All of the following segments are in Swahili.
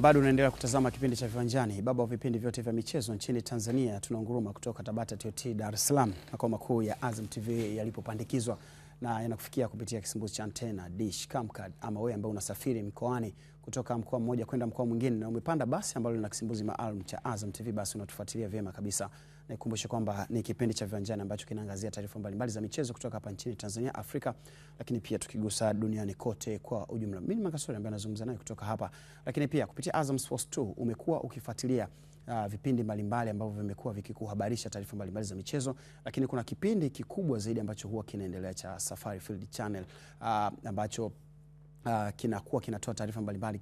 Bado unaendelea kutazama kipindi cha Viwanjani, baba wa vipindi vyote vya michezo nchini Tanzania. Tunaunguruma kutoka Tabata TOT Dar es Salaam, makao makuu ya Azam TV yalipopandikizwa na yanakufikia kupitia kisimbuzi cha antena, dish, camcard ama wewe ambaye unasafiri mkoani kutoka mkoa mmoja kwenda mkoa mwingine na umepanda basi ambalo lina kisimbuzi maalum cha Azam TV, basi unatufuatilia vyema kabisa. Nikumbushe kwamba ni kipindi cha Viwanjani ambacho kinaangazia taarifa mbalimbali za michezo kutoka hapa nchini Tanzania, Afrika, lakini pia tukigusa duniani kote kwa ujumla. Mimi ni Makasori ambaye anazungumza naye kutoka hapa, lakini pia kupitia Azam Sports 2 umekuwa ukifuatilia Uh, vipindi mbalimbali ambavyo vimekuwa vikikuhabarisha taarifa mbalimbali za michezo, lakini kuna kipindi kikubwa zaidi ambacho huwa kinaendelea cha Safari Field Channel uh, ambacho Uh, kinakuwa kinatoa taarifa mbalimbali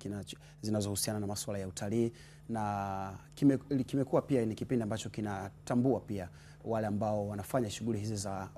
zinazohusiana na masuala ya utalii na kime, kimekuwa pia ni kipindi ambacho kinatambua pia wale ambao wanafanya shughuli hizi za,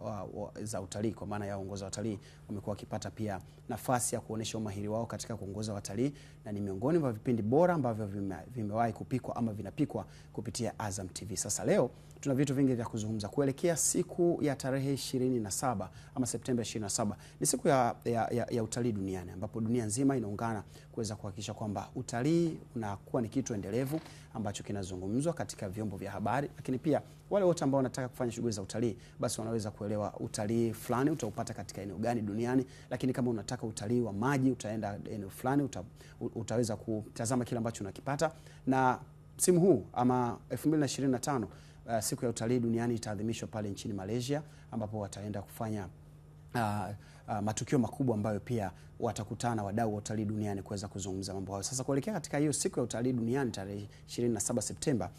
za utalii kwa maana ya uongoza watalii wamekuwa wakipata pia nafasi ya kuonyesha umahiri wao katika kuongoza watalii, na ni miongoni mwa vipindi bora ambavyo vimewahi kupikwa ama vinapikwa kupitia Azam TV. Sasa leo tuna vitu vingi vya kuzungumza kuelekea siku ya tarehe 27 ama Septemba 27. Ni siku ya, ya, ya, ya utalii duniani ambapo dunia nzima inaungana kuweza kuhakikisha kwamba utalii unakuwa ni kitu endelevu ambacho kinazungumzwa katika vyombo vya habari, lakini pia wale wote ambao wanataka kufanya shughuli za utalii basi wanaweza kuelewa utalii fulani utaupata katika eneo gani duniani, lakini kama unataka utalii wa maji utaenda eneo fulani uta, utaweza kutazama kile ambacho unakipata na msimu huu ama 2025 uh, siku ya utalii duniani itaadhimishwa pale nchini Malaysia ambapo wataenda kufanya Uh, uh, matukio makubwa ambayo pia watakutana wadau wa utalii duniani kuweza kuzungumza mambo hayo. Sasa kuelekea katika hiyo siku ya utalii duniani tarehe 27 Septemba,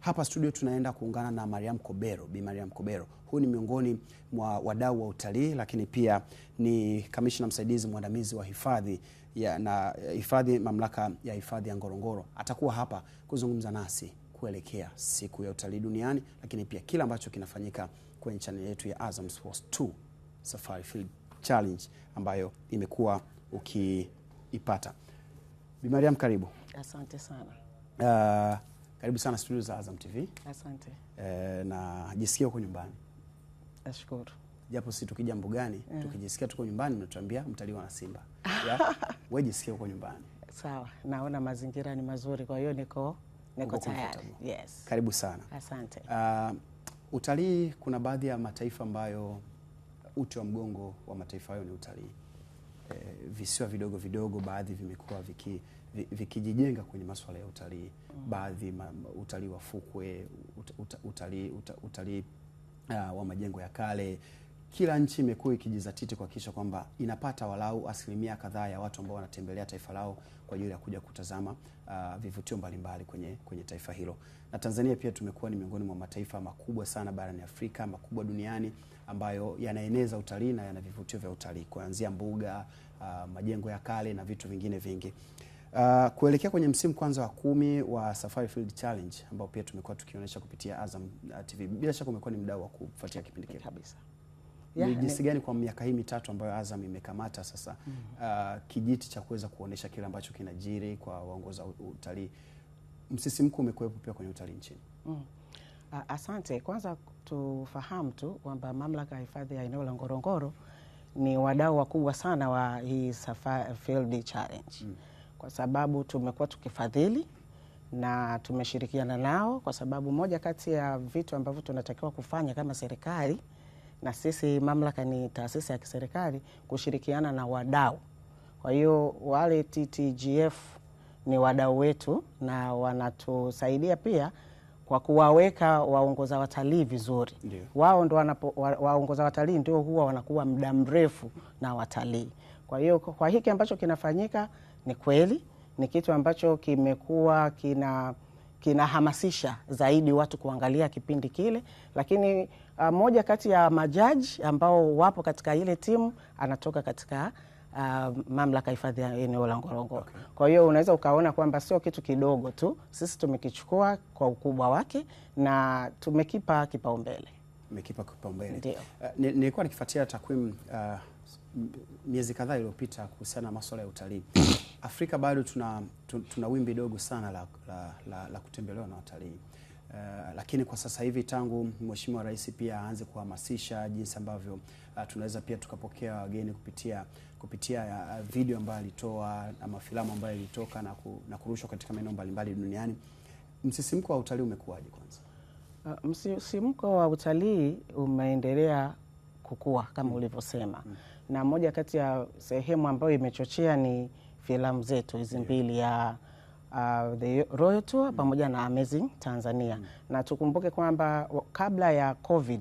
hapa studio tunaenda kuungana na Mariam Kobero, Bi Mariam Kobero. Huyu ni miongoni mwa wadau wa utalii lakini pia ni kamishna msaidizi mwandamizi wa hifadhi ya, na eh, hifadhi mamlaka ya hifadhi ya Ngorongoro. Atakuwa hapa kuzungumza nasi kuelekea siku ya utalii duniani, lakini pia kila ambacho kinafanyika kwenye chaneli yetu ya Azam Sports 2 Safari Field Challenge ambayo imekuwa ukiipata. Bi Mariam, karibu. Asante sana. Uh, karibu sana studio za Azam TV. Asante. Uh, na jisikia huko nyumbani? Nashukuru japo si tukija mbugani yeah. Tukijisikia tuko nyumbani, mnatuambia mtalii wa Simba. Wewe jisikia huko nyumbani? Sawa, naona mazingira ni mazuri, kwa hiyo niko niko tayari. Yes. Karibu sana. Asante. Uh, utalii kuna baadhi ya mataifa ambayo uti wa mgongo wa mataifa hayo ni utalii. E, visiwa vidogo vidogo baadhi vimekuwa viki vikijijenga kwenye masuala ya utalii mm. Baadhi utalii wa fukwe, utalii uta, utalii uta, uh, wa majengo ya kale kila nchi imekuwa ikijizatiti kuhakikisha kwamba inapata walau asilimia kadhaa ya watu ambao wanatembelea taifa lao kwa ajili ya kuja kutazama uh, vivutio mbalimbali kwenye, kwenye taifa hilo. Na Tanzania pia tumekuwa ni miongoni mwa mataifa makubwa sana barani Afrika, makubwa duniani ambayo yanaeneza utalii na yana vivutio vya utalii kuanzia mbuga, uh, majengo ya kale na vitu vingine vingi. Uh, kuelekea kwenye msimu kwanza wa kumi wa Safari Field Challenge ambao pia tumekuwa tukionyesha kupitia Azam TV. Bila shaka umekuwa ni mdau wa kufuatia kipindi kile kabisa yeah, ni jinsi gani kwa miaka hii mitatu ambayo Azam imekamata sasa mm -hmm. uh, kijiti cha kuweza kuonesha kile ambacho kinajiri kwa waongoza utalii, msisimko umekuwepo pia kwenye utalii nchini mm. Asante. Kwanza tufahamu tu kwamba mamlaka ya hifadhi ya eneo la Ngorongoro ni wadau wakubwa sana wa hii Safari Field Challenge mm. kwa sababu tumekuwa tukifadhili na tumeshirikiana nao, kwa sababu moja kati ya vitu ambavyo tunatakiwa kufanya kama serikali na sisi mamlaka ni taasisi ya kiserikali kushirikiana na wadau. Kwa hiyo wale TTGF ni wadau wetu na wanatusaidia pia kwa kuwaweka waongoza watalii vizuri yeah. Wao ndo wanapo, wa, waongoza watalii ndio huwa wanakuwa muda mrefu na watalii. Kwa hiyo kwa hiki ambacho kinafanyika ni kweli ni kitu ambacho kimekuwa kina kinahamasisha zaidi watu kuangalia kipindi kile, lakini uh, moja kati ya majaji ambao wapo katika ile timu anatoka katika Uh, mamlaka hifadhi ya eneo la Ngorongoro. Okay. Kwa hiyo unaweza ukaona kwamba sio kitu kidogo tu, sisi tumekichukua kwa ukubwa wake na tumekipa kipaumbele, tumekipa kipaumbele. Ndio. Uh, nilikuwa nikifuatia takwimu uh, miezi kadhaa iliyopita kuhusiana na masuala ya utalii. Afrika bado tuna, tuna, tuna wimbi dogo sana la, la, la, la kutembelewa na watalii. Uh, lakini kwa sasa hivi tangu Mheshimiwa Rais pia aanze kuhamasisha jinsi ambavyo uh, tunaweza pia tukapokea wageni kupitia kupitia uh, video ambayo alitoa ama filamu ambayo ilitoka na, ku, na kurushwa katika maeneo mbalimbali duniani. Msisimko wa utalii umekuwaje kwanza? Uh, msisimko wa utalii umeendelea kukua kama mm. ulivyosema mm na moja kati ya sehemu ambayo imechochea ni filamu zetu hizi mbili ya uh, the Royal Tour mm. pamoja na Amazing Tanzania mm. Na tukumbuke kwamba kabla ya COVID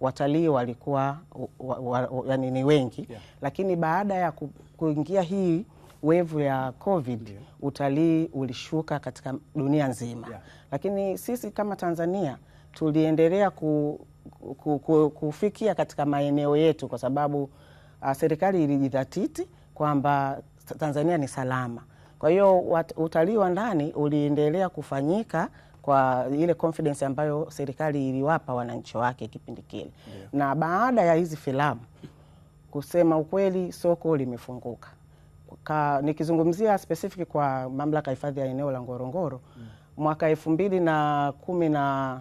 watalii walikuwa wa, wa, wa, yani ni wengi yeah. Lakini baada ya kuingia hii wevu ya COVID yeah. Utalii ulishuka katika dunia nzima yeah. Lakini sisi kama Tanzania tuliendelea ku, ku, ku, kufikia katika maeneo yetu kwa sababu uh, serikali ilijidhatiti kwamba Tanzania ni salama. Kwa hiyo utalii wa ndani uliendelea kufanyika kwa ile confidence ambayo serikali iliwapa wananchi wake kipindi kile, yeah. Na baada ya hizi filamu kusema ukweli, soko limefunguka. Nikizungumzia specific kwa mamlaka ya hifadhi ya eneo la Ngorongoro mm. Mwaka elfu mbili na kumi na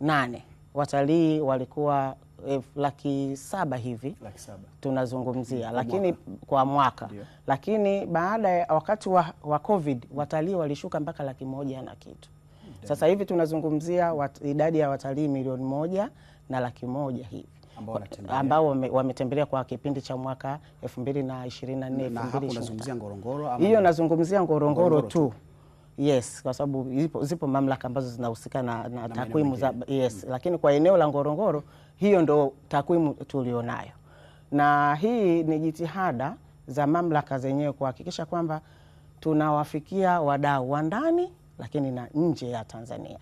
nane watalii walikuwa eh, laki saba hivi laki saba. tunazungumzia lakini mwaka. kwa mwaka yeah. Lakini baada ya wakati wa, wa COVID watalii walishuka mpaka laki moja na kitu Dio. Sasa hivi tunazungumzia wat, idadi ya watalii milioni moja na laki moja hivi ambao wametembelea kwa kipindi cha mwaka elfu mbili na ishirini na nne hiyo nazungumzia Ngorongoro tu, Yes, kwa sababu zipo, zipo mamlaka ambazo zinahusika na, na, na takwimu za yes mm. Lakini kwa eneo la Ngorongoro hiyo ndo takwimu tulionayo, na hii ni jitihada za mamlaka zenyewe kuhakikisha kwamba tunawafikia wadau wa ndani lakini na nje ya Tanzania.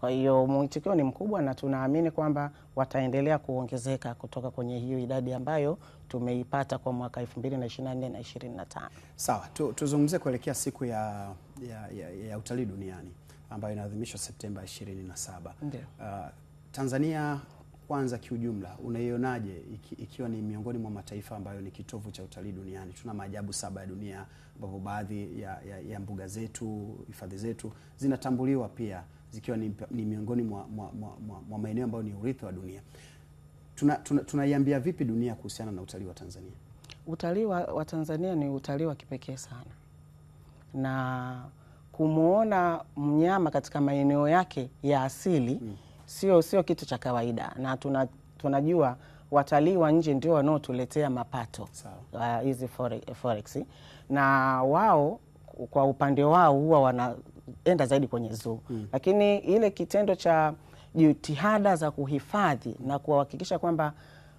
Kwa hiyo mwitikio ni mkubwa na tunaamini kwamba wataendelea kuongezeka kutoka kwenye hiyo idadi ambayo tumeipata kwa mwaka 2024 na 2025. Sawa, tuzungumzie kuelekea siku ya ya, ya, ya utalii duniani ambayo inaadhimishwa Septemba 27. Uh, ah, Tanzania kwanza kiujumla unaionaje iki, ikiwa ni miongoni mwa mataifa ambayo ni kitovu cha utalii duniani? Tuna maajabu saba ya dunia ambapo baadhi ya, ya, ya mbuga zetu, hifadhi zetu zinatambuliwa pia zikiwa ni, ni miongoni mwa, mwa, mwa, mwa, mwa maeneo ambayo ni urithi wa dunia. Tunaiambia tuna, tuna vipi dunia kuhusiana na utalii wa Tanzania? Utalii wa, wa Tanzania ni utalii wa kipekee sana na kumwona mnyama katika maeneo yake ya asili mm. sio sio kitu cha kawaida, na tuna, tunajua watalii wa nje ndio wanaotuletea mapato uh, hizi uh, forex na wao kwa upande wao huwa wanaenda zaidi kwenye zoo mm. lakini ile kitendo cha jitihada za kuhifadhi na kuhakikisha kwamba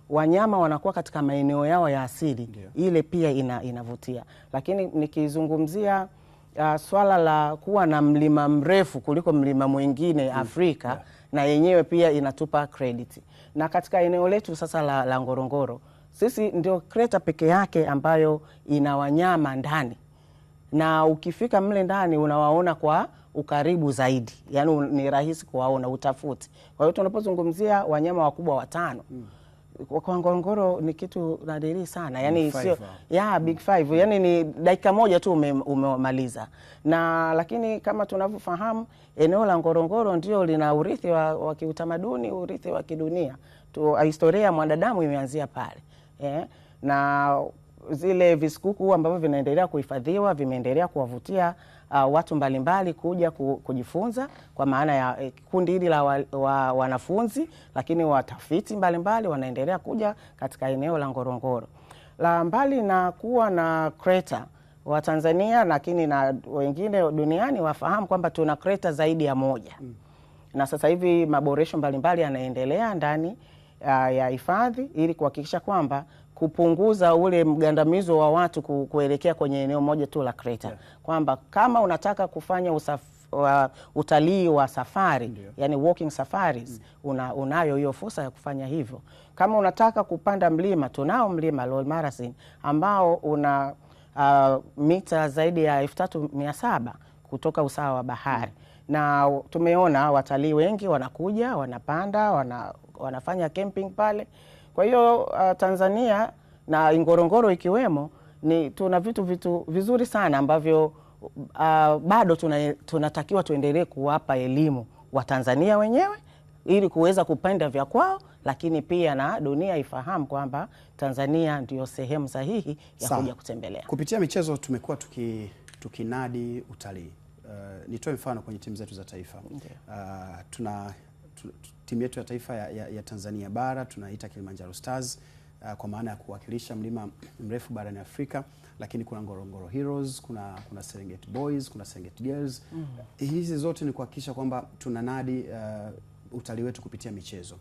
wanyama wanakuwa katika maeneo yao ya asili yeah. ile pia ina, inavutia, lakini nikizungumzia uh, swala la kuwa na mlima mrefu kuliko mlima mwingine mm. Afrika yeah. na yenyewe pia inatupa credit, na katika eneo letu sasa la, la Ngorongoro sisi ndio kreta peke yake ambayo ina wanyama ndani, na ukifika mle ndani unawaona kwa ukaribu zaidi, yaani ni rahisi kuwaona, utafuti. Kwa hiyo tunapozungumzia wanyama wakubwa watano mm kwa Ngorongoro ni kitu nadiri sana yani, sio ya big five, yani ni dakika moja tu ume, umemaliza na, lakini kama tunavyofahamu eneo la Ngorongoro ndio lina urithi wa, wa kiutamaduni urithi wa kidunia tu, historia ya mwanadamu imeanzia pale eh, na zile visukuku ambavyo vinaendelea kuhifadhiwa vimeendelea kuwavutia uh, watu mbalimbali kuja kujifunza kwa maana ya eh, kundi hili la wa, wa, wanafunzi, lakini watafiti mbalimbali wanaendelea kuja katika eneo la Ngorongoro la mbali na kuwa na kreta wa Tanzania lakini na wengine duniani wafahamu kwamba tuna kreta zaidi ya moja mm. Na sasa hivi maboresho mbalimbali yanaendelea ndani uh, ya hifadhi ili kuhakikisha kwamba kupunguza ule mgandamizo wa watu kuelekea kwenye eneo moja tu la Kreta yeah. Kwamba kama unataka kufanya usafi wa, utalii wa safari yeah. Yani walking safaris mm. Una, unayo hiyo fursa ya kufanya hivyo. Kama unataka kupanda mlima, tunao mlima Lol Marasin ambao una uh, mita zaidi ya elfu tatu mia saba kutoka usawa wa bahari mm na tumeona watalii wengi wanakuja wanapanda wana, wanafanya camping pale. Kwa hiyo uh, Tanzania na Ngorongoro ikiwemo ni tuna vitu vitu vizuri sana ambavyo uh, bado tuna, tunatakiwa tuendelee kuwapa elimu Watanzania wenyewe ili kuweza kupenda vya kwao, lakini pia na dunia ifahamu kwamba Tanzania ndiyo sehemu sahihi ya Sama, kuja kutembelea. Kupitia michezo tumekuwa tuki, tukinadi utalii. Uh, nitoe mfano kwenye timu zetu za taifa. Uh, tuna timu yetu ya taifa ya, ya, ya Tanzania bara tunaita Kilimanjaro Stars uh, kwa maana ya kuwakilisha mlima mrefu barani Afrika, lakini kuna Ngorongoro Heroes, kuna, kuna Serengeti Boys, kuna Serengeti Girls mm -hmm. Hizi zote ni kuhakikisha kwamba tunanadi uh, utalii wetu kupitia michezo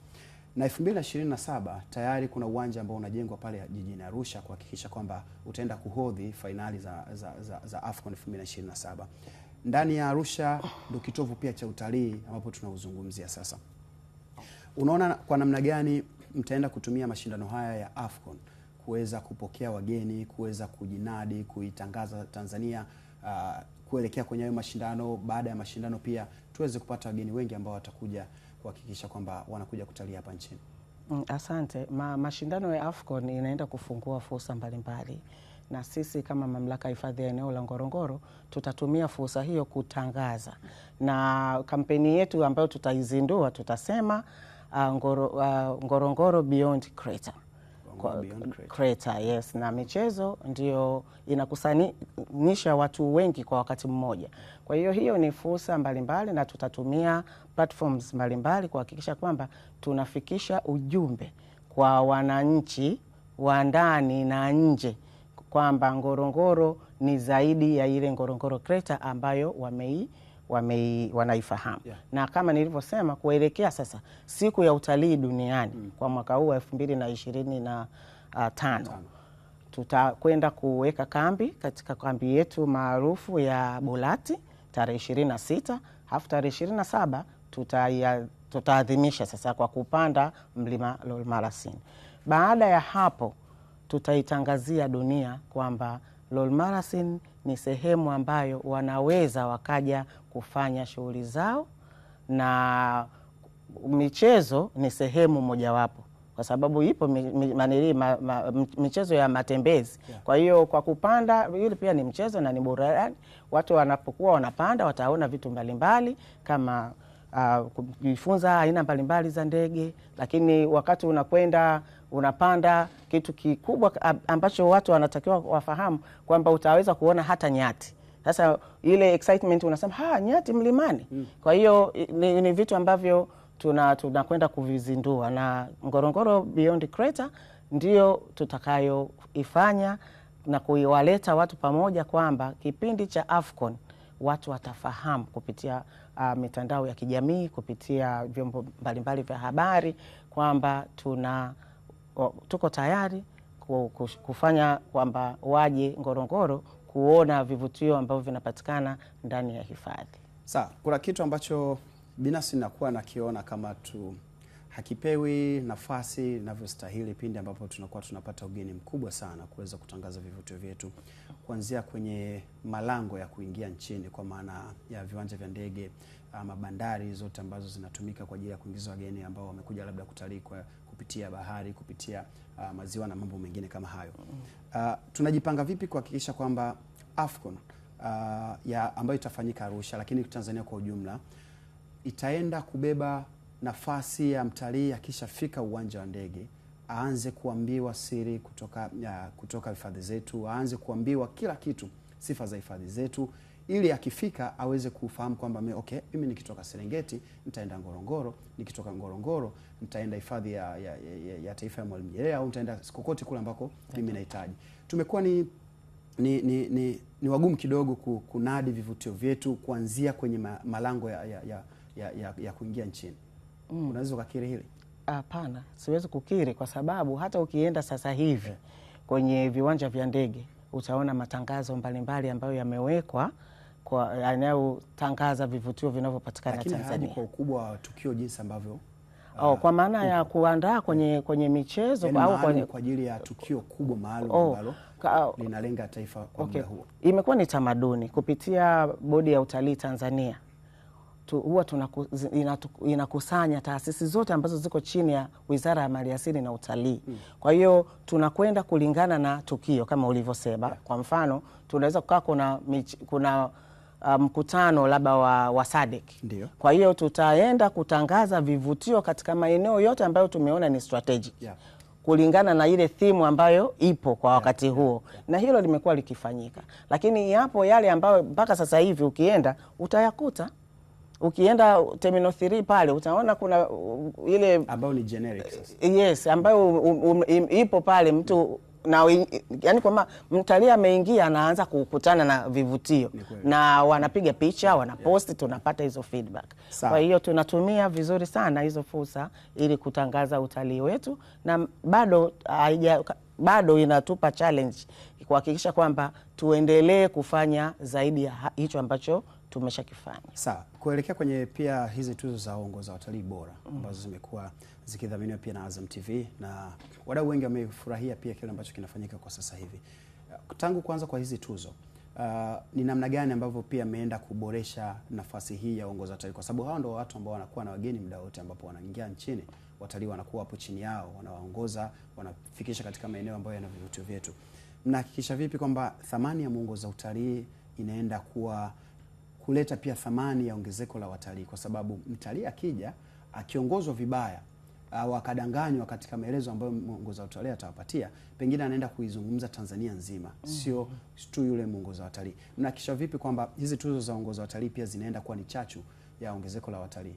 na 2027 tayari kuna uwanja ambao unajengwa pale jijini Arusha kuhakikisha kwamba utaenda kuhodhi fainali za, za, za, za AFCON 2027. Ndani ya Arusha ndo kitovu pia cha utalii ambapo tunauzungumzia sasa unaona kwa namna gani mtaenda kutumia mashindano haya ya AFCON kuweza kupokea wageni, kuweza kujinadi, kuitangaza Tanzania uh, kuelekea kwenye hayo mashindano. Baada ya mashindano pia tuweze kupata wageni wengi ambao watakuja kuhakikisha kwamba wanakuja kutalii hapa nchini. Mm, asante. Ma, mashindano ya AFCON inaenda kufungua fursa mbalimbali na sisi kama mamlaka ya hifadhi ya eneo la Ngorongoro tutatumia fursa hiyo kutangaza, na kampeni yetu ambayo tutaizindua tutasema uh, Ngoro, uh, Ngorongoro Beyond Crater. Crater, yes, na michezo ndio inakusanisha watu wengi kwa wakati mmoja. Kwa hiyo hiyo ni fursa mbalimbali, na tutatumia platforms mbalimbali kuhakikisha kwamba tunafikisha ujumbe kwa wananchi wa ndani na nje kwamba Ngorongoro ni zaidi ya ile Ngorongoro Crater ambayo wamei wamei, wanaifahamu yeah. Na kama nilivyosema kuelekea sasa siku ya utalii duniani mm. kwa mwaka huu wa elfu mbili na ishirini na uh, tano tutakwenda kuweka kambi katika kambi yetu maarufu ya Bolati tarehe ishirini na sita halafu tarehe ishirini na saba tutaadhimisha sasa kwa kupanda mlima Lolmarasin. Baada ya hapo tutaitangazia dunia kwamba Lolmarasin ni sehemu ambayo wanaweza wakaja kufanya shughuli zao, na michezo ni sehemu mojawapo kwa sababu ipo manili ma, ma, michezo ya matembezi yeah. Kwa hiyo kwa kupanda yule pia ni mchezo na ni burudani. Watu wanapokuwa wanapanda wataona vitu mbalimbali kama uh, kujifunza aina mbalimbali za ndege, lakini wakati unakwenda unapanda kitu kikubwa ambacho watu wanatakiwa wafahamu kwamba utaweza kuona hata nyati. Sasa ile excitement unasema ha, ah, nyati mlimani mm. Kwa hiyo ni, ni vitu ambavyo tunakwenda tuna kuvizindua na Ngorongoro Beyond Crater ndio tutakayoifanya na kuiwaleta watu pamoja kwamba kipindi cha Afcon watu watafahamu kupitia uh, mitandao ya kijamii kupitia vyombo mbalimbali vya habari kwamba tuna tuko tayari kufanya kwamba waje Ngorongoro kuona vivutio ambavyo vinapatikana ndani ya hifadhi. Sawa, kuna kitu ambacho binafsi nakuwa nakiona kama tu hakipewi nafasi inavyostahili pindi ambapo tunakuwa tunapata ugeni mkubwa sana kuweza kutangaza vivutio vyetu kuanzia kwenye malango ya kuingia nchini kwa maana ya viwanja vya ndege ama bandari zote ambazo zinatumika kwa ajili ya kuingiza wageni ambao wamekuja labda kutalii kwa kupitia bahari, kupitia uh, maziwa na mambo mengine kama hayo. Uh, tunajipanga vipi kuhakikisha kwamba Afcon uh, ya ambayo itafanyika Arusha lakini Tanzania kwa ujumla itaenda kubeba nafasi ya mtalii akishafika uwanja wa ndege aanze kuambiwa siri kutoka, ya, kutoka hifadhi zetu, aanze kuambiwa kila kitu, sifa za hifadhi zetu ili akifika aweze kufahamu kwamba okay, mimi nikitoka Serengeti nitaenda Ngorongoro, nikitoka Ngorongoro nitaenda hifadhi ya, ya, ya, ya taifa ya Mwalimu Nyerere au nitaenda kokote kule ambako mimi nahitaji. Tumekuwa ni ni, ni, ni, ni wagumu kidogo kunadi vivutio vyetu kuanzia kwenye malango ya, ya, ya, ya, ya, ya kuingia nchini mm. Unaweza ukakiri hili? Hapana, siwezi kukiri kwa sababu hata ukienda sasa hivi yeah. kwenye viwanja vya ndege utaona matangazo mbalimbali mbali ambayo yamewekwa kwa anayotangaza vivutio vinavyopatikana Tanzania kwa ukubwa wa tukio jinsi ambavyo Oh, kwa uh, maana ya kuandaa kwenye, kwenye michezo yaani au kwa ajili ya tukio kubwa maalum oh, ambalo oh, linalenga taifa kwa okay, muda huo. Imekuwa ni tamaduni kupitia Bodi ya Utalii Tanzania tu, huwa inakusanya taasisi zote ambazo ziko chini ya Wizara ya Maliasili na Utalii hmm. Kwa hiyo tunakwenda kulingana na tukio kama ulivyosema yeah. Kwa mfano tunaweza kukaa kuna, kuna Uh, mkutano um, labda wa, wa SADC. Ndio. Kwa hiyo tutaenda kutangaza vivutio katika maeneo yote ambayo tumeona ni strategic. Yeah kulingana na ile thimu ambayo ipo kwa wakati yeah, huo yeah, Na hilo limekuwa likifanyika, lakini yapo yale ambayo mpaka sasa hivi ukienda utayakuta ukienda terminal 3 pale utaona kuna uh, ile ambayo ni generic sasa. Yes, ambayo um, um, um, ipo pale mtu na yani kwamba mtalii ameingia anaanza kukutana na vivutio na wanapiga picha wanaposti yeah. Tunapata hizo feedback Kwa hiyo tunatumia vizuri sana hizo fursa ili kutangaza utalii wetu, na bado haija bado inatupa challenge kuhakikisha kwamba tuendelee kufanya zaidi ya hicho ambacho tumeshakifanya. Sawa, kuelekea kwenye pia hizi tuzo za hongo za watalii bora mm. ambazo mm. zimekuwa zikidhaminiwa pia na Azam TV na wadau wengi wamefurahia pia kile ambacho kinafanyika kwa sasa hivi. Tangu kuanza kwa hizi tuzo Uh, ni namna gani ambavyo pia ameenda kuboresha nafasi hii ya uongozi wa watalii, kwa sababu hao ndio watu ambao wanakuwa na wageni muda wote, ambapo wanaingia nchini, watalii wanakuwa hapo chini yao, wanawaongoza, wanafikisha katika maeneo ambayo yana vivutio vyetu. Mnahakikisha vipi kwamba thamani ya mwongoza utalii inaenda kuwa kuleta pia thamani ya ongezeko la watalii, kwa sababu mtalii akija akiongozwa vibaya au akadanganywa katika maelezo ambayo mwongoza watalii atawapatia, pengine anaenda kuizungumza Tanzania nzima, sio tu yule mwongoza watalii. Mnahakikisha vipi kwamba hizi tuzo za waongoza watalii pia zinaenda kuwa ni chachu ya ongezeko la watalii?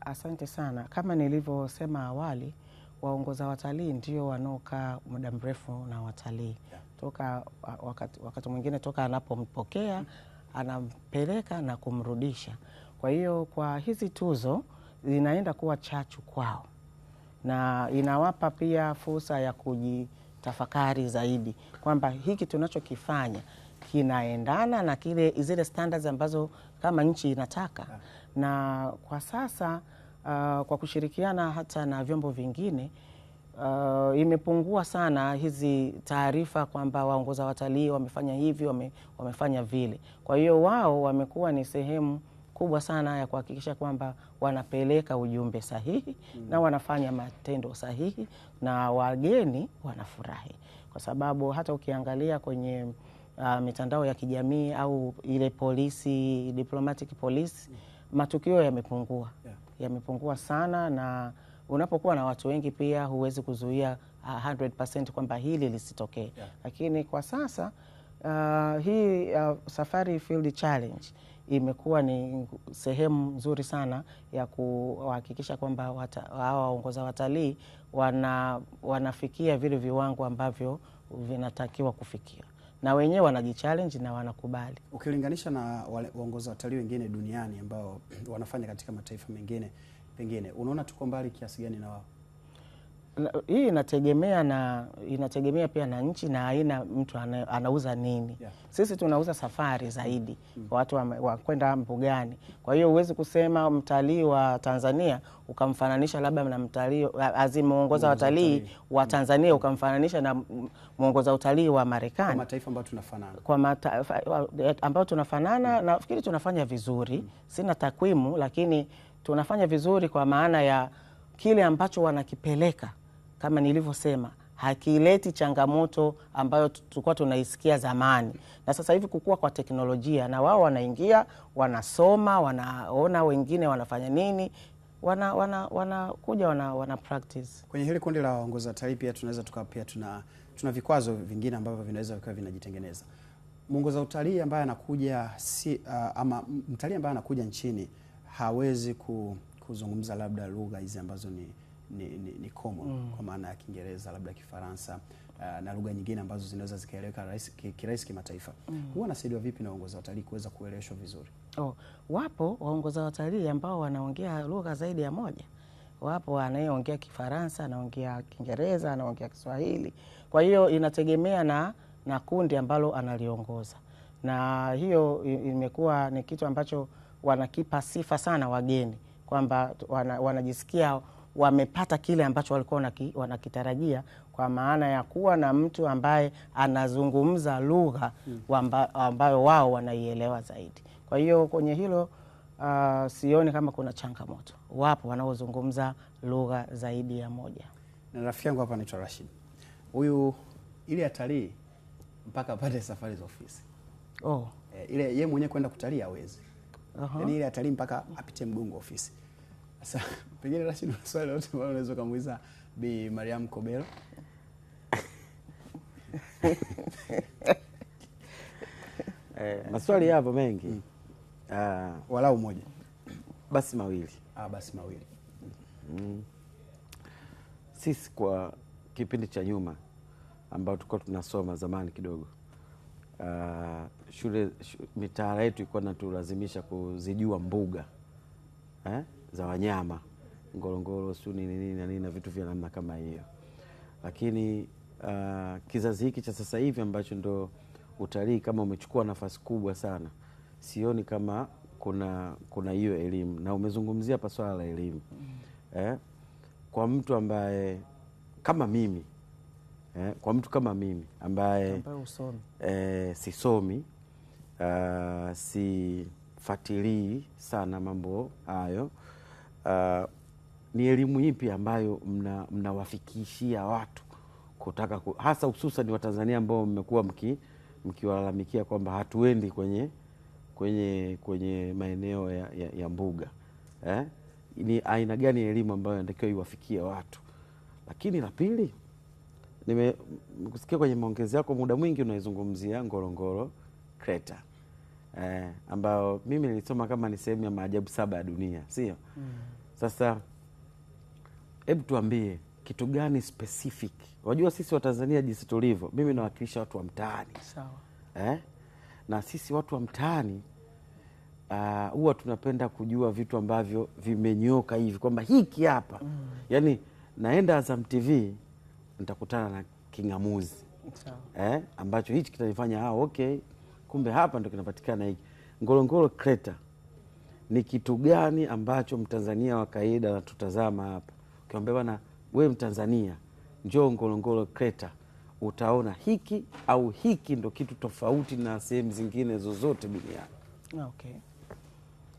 Asante sana. Kama nilivyosema awali, waongoza watalii ndio wanaokaa muda mrefu na watalii yeah. Toka wakati, wakati mwingine toka anapompokea mm anampeleka na kumrudisha. Kwa hiyo kwa hizi tuzo zinaenda kuwa chachu kwao na inawapa pia fursa ya kujitafakari zaidi kwamba hiki tunachokifanya kinaendana na kile zile standards ambazo kama nchi inataka. Na kwa sasa uh, kwa kushirikiana hata na vyombo vingine Uh, imepungua sana hizi taarifa kwamba waongoza watalii wamefanya hivi wame, wamefanya vile. Kwa hiyo wao wamekuwa ni sehemu kubwa sana ya kuhakikisha kwamba wanapeleka ujumbe sahihi mm, na wanafanya matendo sahihi na wageni wanafurahi, kwa sababu hata ukiangalia kwenye uh, mitandao ya kijamii au ile polisi diplomatic police mm, matukio yamepungua yeah, yamepungua sana na unapokuwa na watu wengi pia huwezi kuzuia 100% ah, kwamba hili lisitokee, yeah. Lakini kwa sasa uh, hii uh, Safari Field Challenge imekuwa ni sehemu nzuri sana ya kuhakikisha kwamba hawa waongoza watalii wana, wanafikia vile viwango ambavyo vinatakiwa kufikia na wenyewe wanajichallenge na wanakubali. Ukilinganisha na waongoza watalii wengine duniani ambao wanafanya katika mataifa mengine pengine unaona tuko mbali kiasi gani na wao? Hii inategemea na inategemea pia na nchi na aina mtu ana, anauza nini yeah. Sisi tunauza safari zaidi mm. Watu wakwenda wa mbugani, kwa hiyo huwezi kusema mtalii wa Tanzania ukamfananisha labda na mtalii azi watalii wa mm. Tanzania ukamfananisha na muongoza utalii wa Marekani, kwa mataifa ambayo tunafanana, kwa mataifa ambayo tunafanana mm. Nafikiri tunafanya vizuri mm. Sina takwimu lakini tunafanya vizuri kwa maana ya kile ambacho wanakipeleka, kama nilivyosema, hakileti changamoto ambayo tulikuwa tunaisikia zamani. Na sasa hivi kukua kwa teknolojia, na wao wanaingia, wanasoma, wanaona wengine wanafanya nini wana wanakuja wana, wana, wana practice kwenye hili kundi la waongoza watalii. Pia tunaweza tukawa pia tuna, tuna vikwazo vingine ambavyo vinaweza vikawa vinajitengeneza. Mwongoza utalii ambaye anakuja si, uh, ama mtalii ambaye anakuja nchini hawezi kuzungumza labda lugha hizi ambazo ni ni, ni, ni common mm. kwa maana ya Kiingereza labda Kifaransa uh, na lugha nyingine ambazo zinaweza zikaeleweka kirahisi kimataifa mm. huwa anasaidiwa vipi na waongoza watalii kuweza kueleweshwa vizuri? Oh, wapo waongoza watalii ambao wanaongea lugha zaidi ya moja. Wapo anayeongea Kifaransa, anaongea Kiingereza, anaongea Kiswahili. Kwa hiyo inategemea na, na kundi ambalo analiongoza, na hiyo imekuwa ni kitu ambacho wanakipa sifa sana wageni kwamba wana, wanajisikia wamepata kile ambacho walikuwa wanakitarajia kwa maana ya kuwa na mtu ambaye anazungumza lugha hmm. amba, ambayo wao wanaielewa zaidi. Kwa hiyo kwenye hilo uh, sioni kama kuna changamoto. Wapo wanaozungumza lugha zaidi ya moja. Na rafiki yangu hapa anaitwa Rashid, huyu ile atalii mpaka apate safari za ofisi oh. E, ile yeye mwenyewe kwenda kutalii hawezi uh -huh. yani ile atalii mpaka apite mgongo ofisi. Sasa pengine Rashid, una swali lolote ambalo unaweza kumuuliza Bi Mariam Kobelo? Eh, maswali yapo mengi mm. Ah, walau moja basi mawili. Ah, basi mawili mm. Sisi kwa kipindi cha nyuma ambao tulikuwa tunasoma zamani kidogo uh, shule sh, mitaala yetu ilikuwa natulazimisha kuzijua mbuga eh, za wanyama Ngorongoro su nini nini na nini na vitu vya namna kama hiyo, lakini uh, kizazi hiki cha sasa hivi ambacho ndo utalii kama umechukua nafasi kubwa sana, sioni kama kuna kuna hiyo elimu, na umezungumzia hapa swala la elimu mm. eh, kwa mtu ambaye kama mimi eh, kwa mtu kama mimi ambaye, eh, sisomi uh, ah, sifatilii sana mambo hayo uh, ni elimu ipi ambayo mnawafikishia mna watu kutaka ku, hasa hususan Watanzania ambao mmekuwa mkiwalalamikia kwamba hatuendi kwenye, kwenye, kwenye maeneo ya, ya, ya mbuga eh? Ni aina gani ya elimu ambayo inatakiwa iwafikie watu? Lakini la pili nimekusikia kwenye maongezi yako muda mwingi unaizungumzia Ngorongoro kreta eh, ambayo mimi nilisoma kama ni sehemu ya maajabu saba ya dunia, sio? Mm. Sasa hebu tuambie kitu gani specific? wajua sisi Watanzania jinsi tulivyo, mimi nawakilisha watu wa mtaani sawa. Eh? Na sisi watu wa mtaani ah, huwa uh, tunapenda kujua vitu ambavyo vimenyoka hivi kwamba hiki hapa mm. Yani naenda Azam TV nitakutana na king'amuzi eh, ambacho hichi kitanifanya ah, okay, kumbe hapa ndo kinapatikana hiki Ngorongoro Crater. Ni kitu gani ambacho Mtanzania wa kawaida anatutazama hapa, ukiambia bana, we Mtanzania njoo Ngorongoro Crater utaona hiki au hiki ndo kitu tofauti na sehemu zingine zozote duniani. Ah, okay.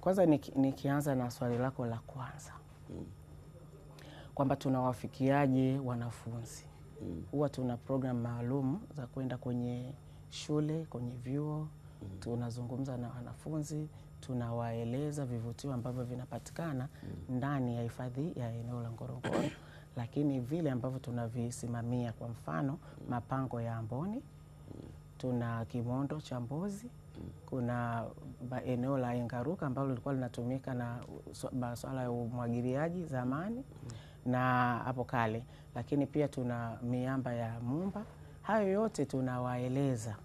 Kwanza nikianza ni na swali lako la kwanza mm, kwamba tunawafikiaje wanafunzi huwa mm. tuna program maalum za kwenda kwenye shule, kwenye vyuo mm. tunazungumza na wanafunzi, tunawaeleza vivutio ambavyo vinapatikana mm. ndani ya hifadhi ya eneo la Ngorongoro lakini vile ambavyo tunavisimamia, kwa mfano mm. mapango ya Amboni mm. tuna kimondo cha Mbozi kuna eneo la Engaruka ambalo lilikuwa linatumika na masuala ya umwagiliaji zamani mm na hapo kale, lakini pia tuna miamba ya Mumba. Hayo yote tunawaeleza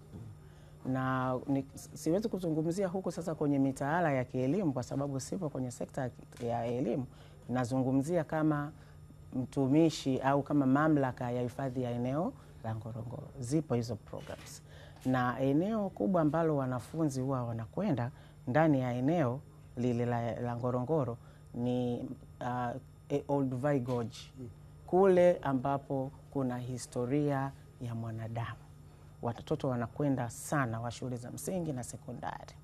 na ni, siwezi kuzungumzia huku sasa kwenye mitaala ya kielimu kwa sababu sipo kwenye sekta ya elimu. Nazungumzia kama mtumishi au kama mamlaka ya hifadhi ya eneo la Ngorongoro, zipo hizo programs, na eneo kubwa ambalo wanafunzi huwa wanakwenda ndani ya eneo lile la Ngorongoro ni uh, e Olduvai Gorge kule ambapo kuna historia ya mwanadamu. Watoto wanakwenda sana wa shule za msingi na sekondari,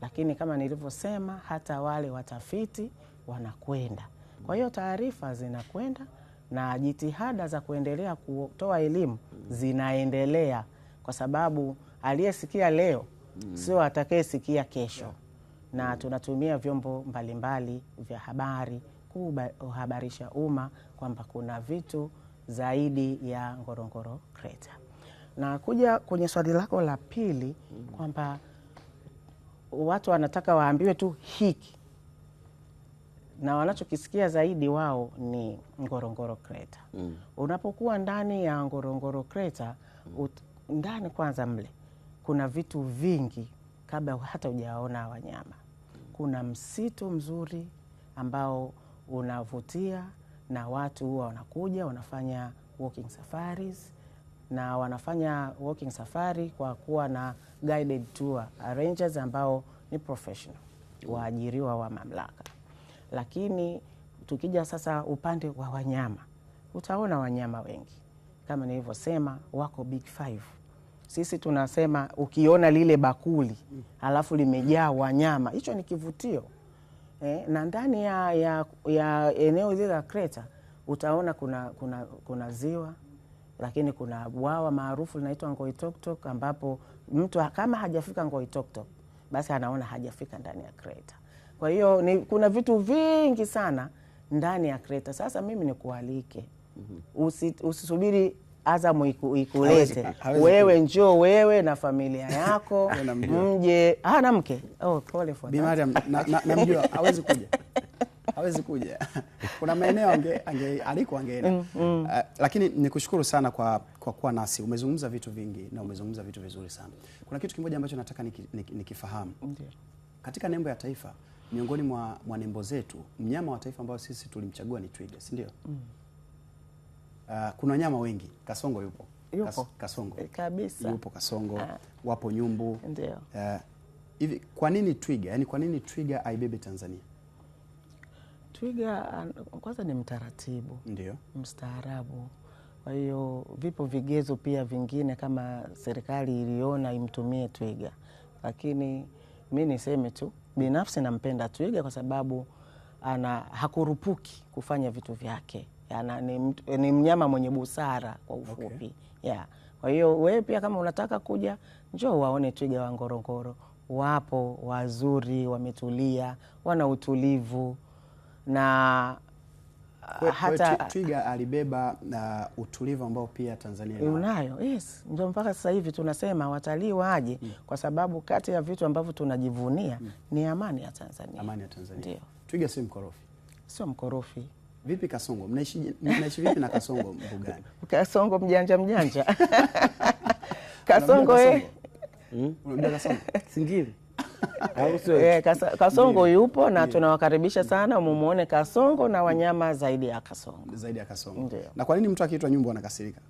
lakini kama nilivyosema, hata wale watafiti wanakwenda. Kwa hiyo taarifa zinakwenda na jitihada za kuendelea kutoa elimu zinaendelea, kwa sababu aliyesikia leo sio atakayesikia kesho, na tunatumia vyombo mbalimbali vya habari kuhabarisha umma kwamba kuna vitu zaidi ya Ngorongoro Crater. Na kuja kwenye swali lako la pili mm-hmm. kwamba watu wanataka waambiwe tu hiki na wanachokisikia zaidi wao ni Ngorongoro Crater. Mm. Unapokuwa ndani ya Ngorongoro Crater, mm. ndani kwanza mle kuna vitu vingi kabla hata hujaona wanyama. Mm. Kuna msitu mzuri ambao unavutia na watu huwa wanakuja wanafanya walking safaris na wanafanya walking safari kwa kuwa na guided tour arrangers ambao ni professional waajiriwa wa mamlaka. Lakini tukija sasa upande wa wanyama, utaona wanyama wengi kama nilivyosema, wako big five. Sisi tunasema ukiona lile bakuli alafu limejaa wanyama, hicho ni kivutio eh, na ndani ya, ya, ya eneo hili la Kreta utaona kuna, kuna, kuna ziwa lakini kuna bwawa maarufu linaitwa Ngoitoktok ambapo mtu kama hajafika Ngoitoktok basi anaona hajafika ndani ya Kreta. Kwa hiyo ni, kuna vitu vingi sana ndani ya Kreta. Sasa mimi nikualike, mm -hmm. Usi, usisubiri Azam ikulete wewe, njoo wewe na familia yako mje. Ah, na mke oh, pole for Bi namjua hawezi kuja hawezi kuja. Kuna maeneo ange, ange, aliko angeenda mm, mm. Uh, lakini nikushukuru sana kwa, kwa kuwa nasi. Umezungumza vitu vingi na umezungumza vitu vizuri sana. Kuna kitu kimoja ambacho nataka nikifahamu niki, niki katika nembo ya taifa, miongoni mwa, mwa nembo zetu mnyama wa taifa ambao sisi tulimchagua ni twiga, si ndio? mm uh, kuna wanyama wengi. Kasongo yupo, yupo. Kas, kasongo eh, kabisa yupo kasongo ah. Wapo nyumbu ndio ah, hivi uh, kwa nini twiga? Yani kwa nini twiga aibebe Tanzania? Twiga kwanza ni mtaratibu, ndio mstaarabu kwa hiyo vipo vigezo pia vingine kama serikali iliona imtumie twiga, lakini mi niseme tu binafsi nampenda twiga kwa sababu ana hakurupuki kufanya vitu vyake yana, ni, ni mnyama mwenye busara kwa ufupi okay. yeah. Kwa hiyo wewe pia kama unataka kuja njoo waone twiga wa Ngorongoro, wapo wazuri, wametulia, wana utulivu na Kwe, hata twiga alibeba uh, utulivu ambao pia Tanzania unayo. Yes, ndio mpaka sasa hivi tunasema watalii waje mm. kwa sababu kati ya vitu ambavyo tunajivunia mm. ni amani ya Tanzania. Amani ya Tanzania. Ndio. Twiga si mkorofi, sio mkorofi Vipi Kasongo? Mnaishi mnaishi vipi na Kasongo mbugani? Kasongo mjanja mjanja. Kasongo eh. Kasongo? Hmm? Singiri. Eh, Kasongo yupo na yeah. Tunawakaribisha sana mumuone Kasongo na wanyama zaidi ya Kasongo, zaidi ya Kasongo. Ndiyo. Na kwa nini mtu akiitwa nyumbu anakasirika?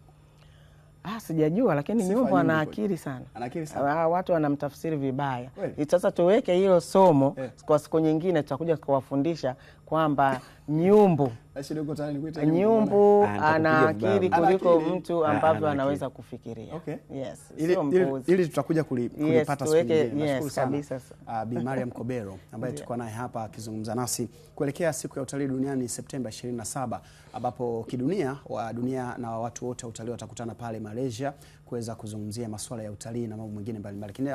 Ah, sijajua lakini nyumbu akili sana, akili sana. Ah, watu wanamtafsiri vibaya. Sasa tuweke hilo somo yeah. Kwa siku nyingine tutakuja kuwafundisha kwamba nyumbu nyumbu akili kuliko mtu ah, ambavyo anaweza kufikiria. Okay. Yes, ili tutakuja kulipata kabisa. Ah, Bi Mariam Kobero ambaye tuko naye hapa akizungumza nasi kuelekea siku ya utalii duniani Septemba 27 ambapo kidunia wa dunia na watu wote wa utalii watakutana pale Malaysia kuweza kuzungumzia masuala ya utalii na mambo mengine mbalimbali.